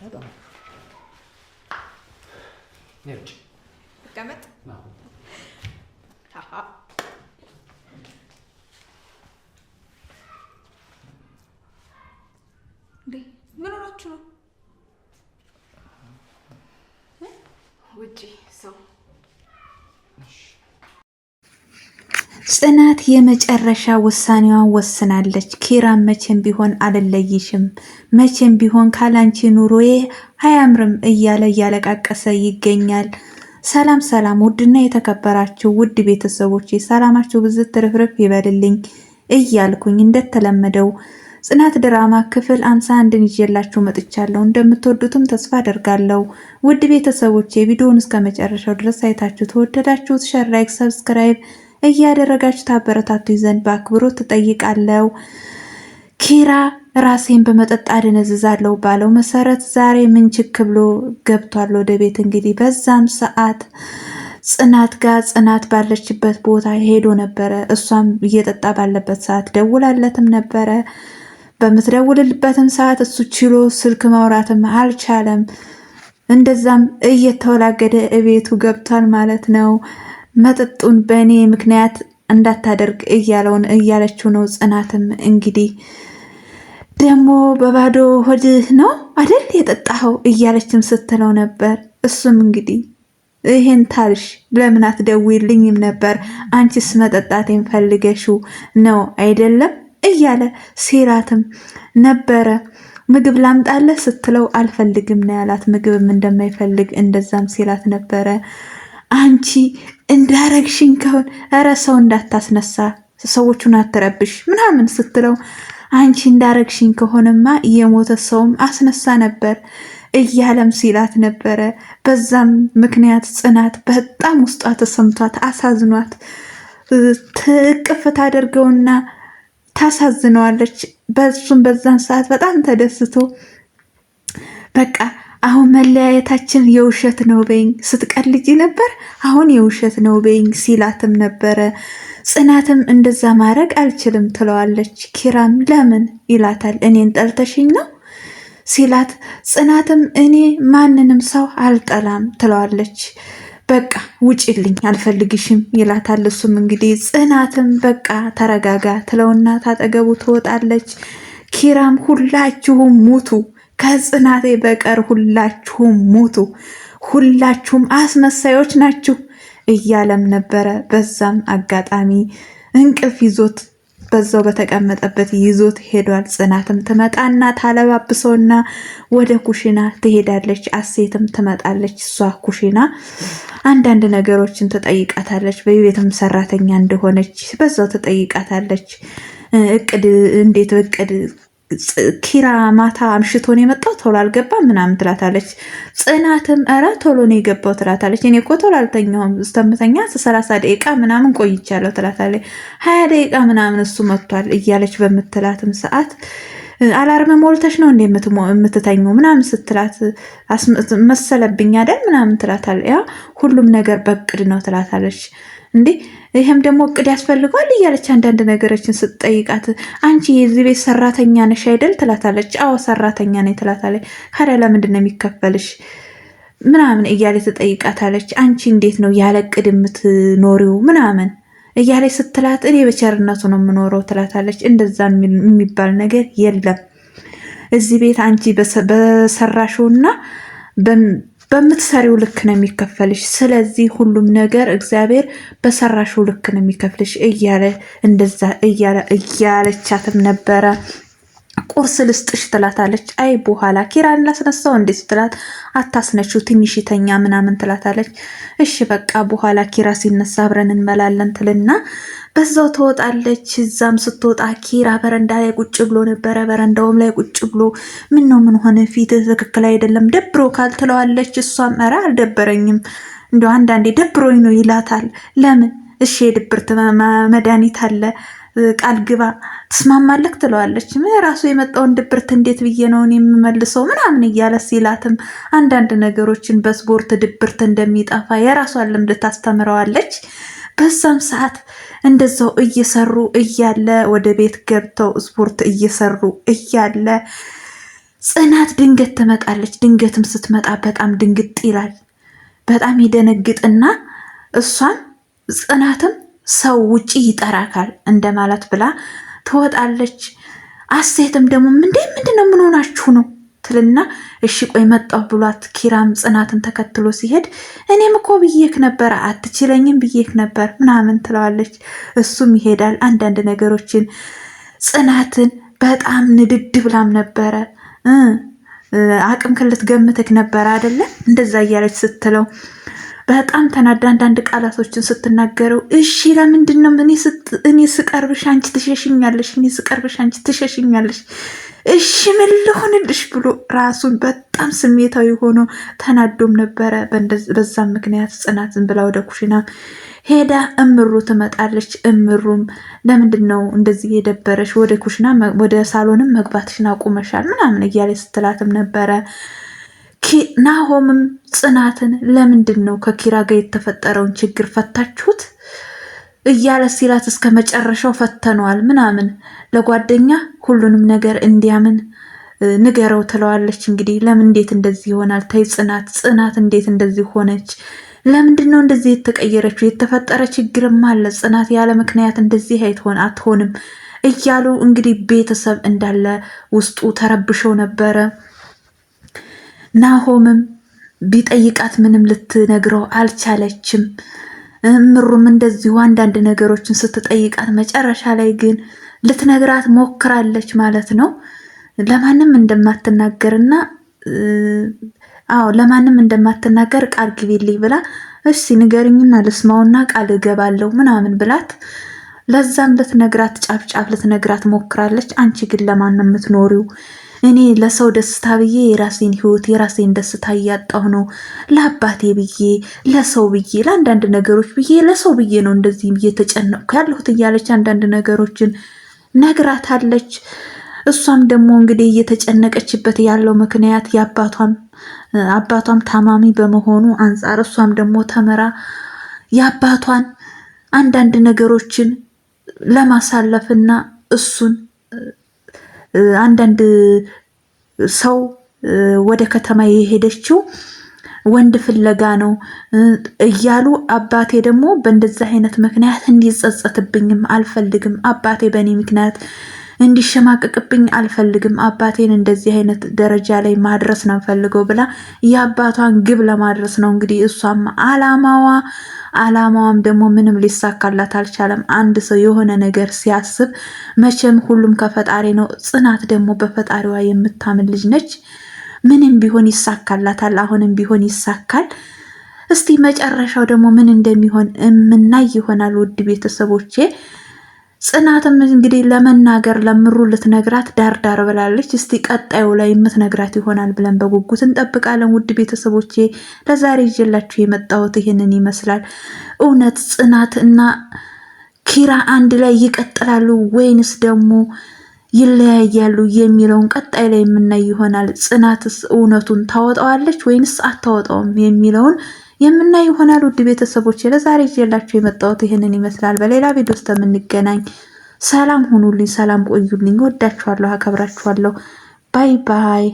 በጣም ነጭ ጽናት የመጨረሻ ውሳኔዋን ወስናለች። ኪራን መቼም ቢሆን አልለይሽም፣ መቼም ቢሆን ካላንቺ ኑሮዬ አያምርም እያለ እያለቃቀሰ ይገኛል። ሰላም ሰላም! ውድና የተከበራችሁ ውድ ቤተሰቦች ሰላማችሁ ብዝት ትርፍርፍ ይበልልኝ እያልኩኝ እንደተለመደው ጽናት ድራማ ክፍል አምሳ አንድን ይዤላችሁ መጥቻለሁ። እንደምትወዱትም ተስፋ አደርጋለሁ። ውድ ቤተሰቦቼ ቪዲዮውን እስከ መጨረሻው ድረስ አይታችሁ ተወደዳችሁት ሸር፣ ላይክ፣ ሰብስክራይብ እያደረጋችሁ ታበረታቱኝ ዘንድ በአክብሮት ትጠይቃለው። ኪራ ራሴን በመጠጥ አደነዝዛለሁ ባለው መሰረት ዛሬ ምንችክ ብሎ ገብቷል ወደ ቤት። እንግዲህ በዛም ሰዓት ጽናት ጋር ጽናት ባለችበት ቦታ ሄዶ ነበረ። እሷም እየጠጣ ባለበት ሰዓት ደውላለትም ነበረ። በምትደውልልበትም ሰዓት እሱ ችሎ ስልክ ማውራትም አልቻለም። እንደዛም እየተወላገደ እቤቱ ገብቷል ማለት ነው። መጠጡን በእኔ ምክንያት እንዳታደርግ እያለውን እያለችው ነው። ጽናትም እንግዲህ ደግሞ በባዶ ሆድህ ነው አደል የጠጣኸው እያለችም ስትለው ነበር። እሱም እንግዲህ ይሄን ታልሽ ለምን አትደውይልኝም ነበር? አንቺስ መጠጣት ፈልገሽው ነው አይደለም እያለ ሲራትም ነበረ። ምግብ ላምጣለህ ስትለው አልፈልግም ነው ያላት። ምግብም እንደማይፈልግ እንደዛም ሲላት ነበረ። አንቺ እንዳረግሽኝ ከሆን ኧረ ሰው እንዳታስነሳ ሰዎቹን አትረብሽ ምናምን ስትለው አንቺ እንዳረግሽኝ ከሆነማ የሞተ ሰውም አስነሳ ነበር እያለም ሲላት ነበረ። በዛም ምክንያት ጽናት በጣም ውስጧ ተሰምቷት አሳዝኗት ትቅፍ ታደርገውና ታሳዝነዋለች። በሱም በዛን ሰዓት በጣም ተደስቶ በቃ አሁን መለያየታችን የውሸት ነው በይኝ፣ ስትቀልጂ ነበር አሁን የውሸት ነው በይኝ ሲላትም ነበረ። ጽናትም እንደዛ ማድረግ አልችልም ትለዋለች። ኪራም ለምን ይላታል። እኔን ጠልተሽኝ ነው ሲላት፣ ጽናትም እኔ ማንንም ሰው አልጠላም ትለዋለች። በቃ ውጭልኝ አልፈልግሽም ይላታል። እሱም እንግዲህ ጽናትም በቃ ተረጋጋ ትለውና ታጠገቡ ትወጣለች። ኪራም ሁላችሁም ሙቱ ከጽናቴ በቀር ሁላችሁም ሙቱ፣ ሁላችሁም አስመሳዮች ናችሁ እያለም ነበረ። በዛም አጋጣሚ እንቅልፍ ይዞት በዛው በተቀመጠበት ይዞት ሄዷል። ጽናትም ትመጣና ታለባብሰውና ወደ ኩሽና ትሄዳለች። አሴትም ትመጣለች። እሷ ኩሽና አንዳንድ ነገሮችን ትጠይቃታለች። በቤትም ሰራተኛ እንደሆነች በዛው ትጠይቃታለች። እቅድ እንዴት እቅድ ኪራ ማታ አምሽቶ የመጣው፣ ቶሎ አልገባም ምናምን ትላታለች። ጽናትም ኧረ ቶሎ ነው የገባው ትላታለች። እኔ እኮ ቶሎ አልተኛሁም ስተምተኛ ሰላሳ ደቂቃ ምናምን ቆይቻለሁ ትላታለች። ሀያ ደቂቃ ምናምን እሱ መጥቷል እያለች በምትላትም ሰዓት አላርም ሞልተሽ ነው እንዴ የምትተኙ ምናምን ስትላት መሰለብኝ አይደል ምናምን ትላታለች። ያ ሁሉም ነገር በቅድ ነው ትላታለች እንዴ ይህም ደግሞ እቅድ ያስፈልገዋል እያለች አንዳንድ ነገሮችን ስትጠይቃት አንቺ የዚህ ቤት ሰራተኛ ነሽ አይደል ትላታለች። አዎ ሰራተኛ ነኝ ትላታለች። ከሪያ ለምንድን ነው የሚከፈልሽ ምናምን እያለች ትጠይቃታለች። አንቺ እንዴት ነው ያለ እቅድ የምትኖሪው ምናምን እያለች ስትላት እኔ በቸርነቱ ነው የምኖረው ትላታለች። እንደዛ የሚባል ነገር የለም እዚህ ቤት አንቺ በሰራሽውና በምትሰሪው ልክ ነው የሚከፈልሽ። ስለዚህ ሁሉም ነገር እግዚአብሔር በሰራሽው ልክ ነው የሚከፍልሽ እያለ እንደዛ እያለ እያለቻትም ነበረ። ቁርስ ልስጥሽ ትላታለች። አይ በኋላ ኪራን ላስነሳው እንዴት ትላት፣ አታስነችው ትንሽ ምናምን ትላታለች። እሺ በቃ በኋላ ኪራ ሲነሳ አብረን እንበላለን ትልና በዛው ትወጣለች። እዛም ስትወጣ ኪራ በረንዳ ላይ ቁጭ ብሎ ነበረ። በረንዳውም ላይ ቁጭ ብሎ ምን ነው ምን ሆነ ፊትህ ትክክል አይደለም ደብሮ ካል ትለዋለች። እሷም ኧረ አልደበረኝም እንደ አንዳንዴ ደብሮኝ ነው ይላታል። ለምን እሺ የድብርት መድኃኒት አለ ቃል ግባ ትስማማለህ? ትለዋለች ራሱ የመጣውን ድብርት እንዴት ብዬ ነው እኔ የምመልሰው ምናምን እያለ ሲላትም አንዳንድ ነገሮችን በስፖርት ድብርት እንደሚጠፋ የራሷን ልምድ ታስተምረዋለች። በዛም ሰዓት እንደዛው እየሰሩ እያለ ወደ ቤት ገብተው ስፖርት እየሰሩ እያለ ጽናት ድንገት ትመጣለች። ድንገትም ስትመጣ በጣም ድንግጥ ይላል። በጣም ይደነግጥና እሷን ጽናትም ሰው ውጪ ይጠራካል እንደማለት ብላ ትወጣለች። አሴትም ደግሞ እንዴ ምንድነው? ምን ሆናችሁ ነው ትልና እሺ ቆይ መጣሁ ብሏት ኪራም ጽናትን ተከትሎ ሲሄድ እኔም እኮ ብዬክ ነበር አትችለኝም ብዬክ ነበር ምናምን ትለዋለች። እሱም ይሄዳል። አንዳንድ ነገሮችን ጽናትን በጣም ንድድ ብላም ነበረ አቅም ክልት ገምትክ ነበረ አይደለም? እንደዛ እያለች ስትለው በጣም ተናዳ አንዳንድ ቃላቶችን ስትናገረው፣ እሺ ለምንድን ነው እኔ ስቀርብሽ አንቺ ትሸሽኛለሽ፣ እኔ ስቀርብሽ አንቺ ትሸሽኛለሽ እሺ ምን ልሆንልሽ ብሎ ራሱን በጣም ስሜታዊ ሆኖ ተናዶም ነበረ። በዛም ምክንያት ጽናትን ብላ ወደ ኩሽና ሄዳ እምሩ ትመጣለች። እምሩም ለምንድን ነው እንደዚህ የደበረሽ ወደ ኩሽና ወደ ሳሎንም መግባትሽን አቁመሻል ምናምን እያለ ስትላትም ነበረ። ናሆምም ጽናትን ለምንድን ነው ከኪራ ጋር የተፈጠረውን ችግር ፈታችሁት እያለ ሲላት እስከ መጨረሻው ፈተነዋል ምናምን ለጓደኛ ሁሉንም ነገር እንዲያምን ንገረው ትለዋለች። እንግዲህ ለምን እንዴት እንደዚህ ይሆናል? ተይ ጽናት ጽናት እንዴት እንደዚህ ሆነች? ለምንድን ነው እንደዚህ የተቀየረችው? የተፈጠረ ችግርም አለ። ጽናት ያለ ምክንያት እንደዚህ አይትሆን አትሆንም እያሉ እንግዲህ ቤተሰብ እንዳለ ውስጡ ተረብሸው ነበረ። ናሆምም ቢጠይቃት ምንም ልትነግረው አልቻለችም። ምሩም እንደዚሁ አንዳንድ ነገሮችን ስትጠይቃት መጨረሻ ላይ ግን ልትነግራት ሞክራለች ማለት ነው። ለማንም እንደማትናገርና አዎ ለማንም እንደማትናገር ቃል ግቢልኝ ብላ እሺ ንገርኝና ልስማውና ቃል እገባለሁ ምናምን ብላት ለዛም ልትነግራት ጫፍጫፍ ልትነግራት ሞክራለች። አንቺ ግን ለማን ነው የምትኖሪው? እኔ ለሰው ደስታ ብዬ የራሴን ህይወት የራሴን ደስታ እያጣሁ ነው። ለአባቴ ብዬ ለሰው ብዬ ለአንዳንድ ነገሮች ብዬ ለሰው ብዬ ነው እንደዚህ እየተጨነቅኩ ያለሁት እያለች አንዳንድ ነገሮችን ነግራታለች። እሷም ደግሞ እንግዲህ እየተጨነቀችበት ያለው ምክንያት የአባቷም አባቷም ታማሚ በመሆኑ አንጻር እሷም ደግሞ ተምራ የአባቷን አንዳንድ ነገሮችን ለማሳለፍና እሱን አንዳንድ ሰው ወደ ከተማ የሄደችው ወንድ ፍለጋ ነው እያሉ አባቴ ደግሞ በእንደዚህ አይነት ምክንያት እንዲጸጸትብኝም አልፈልግም። አባቴ በእኔ ምክንያት እንዲሸማቀቅብኝ አልፈልግም። አባቴን እንደዚህ አይነት ደረጃ ላይ ማድረስ ነው ፈልገው ብላ የአባቷን ግብ ለማድረስ ነው እንግዲህ እሷም አላማዋ አላማዋም ደግሞ ምንም ሊሳካላት አልቻለም። አንድ ሰው የሆነ ነገር ሲያስብ መቼም ሁሉም ከፈጣሪ ነው። ጽናት ደግሞ በፈጣሪዋ የምታምን ልጅ ነች። ምንም ቢሆን ይሳካላታል። አሁንም ቢሆን ይሳካል። እስቲ መጨረሻው ደግሞ ምን እንደሚሆን የምናይ ይሆናል። ውድ ቤተሰቦቼ ጽናትም እንግዲህ ለመናገር ለምሩ ልትነግራት ዳርዳር ብላለች። እስቲ ቀጣዩ ላይ የምትነግራት ይሆናል ብለን በጉጉት እንጠብቃለን። ውድ ቤተሰቦቼ ለዛሬ ይዤላችሁ የመጣሁት ይህንን ይመስላል። እውነት ጽናት እና ኪራ አንድ ላይ ይቀጥላሉ ወይንስ ደግሞ ይለያያሉ የሚለውን ቀጣይ ላይ የምናይ ይሆናል። ጽናትስ እውነቱን ታወጣዋለች ወይንስ አታወጣውም የሚለውን የምናይ ይሆናል። ውድ ቤተሰቦች ለዛሬ ይዤላችሁ የመጣሁት ይህንን ይመስላል። በሌላ ቪዲዮ ውስጥ የምንገናኝ። ሰላም ሁኑልኝ፣ ሰላም ቆዩልኝ። ወዳችኋለሁ፣ አከብራችኋለሁ። ባይ ባይ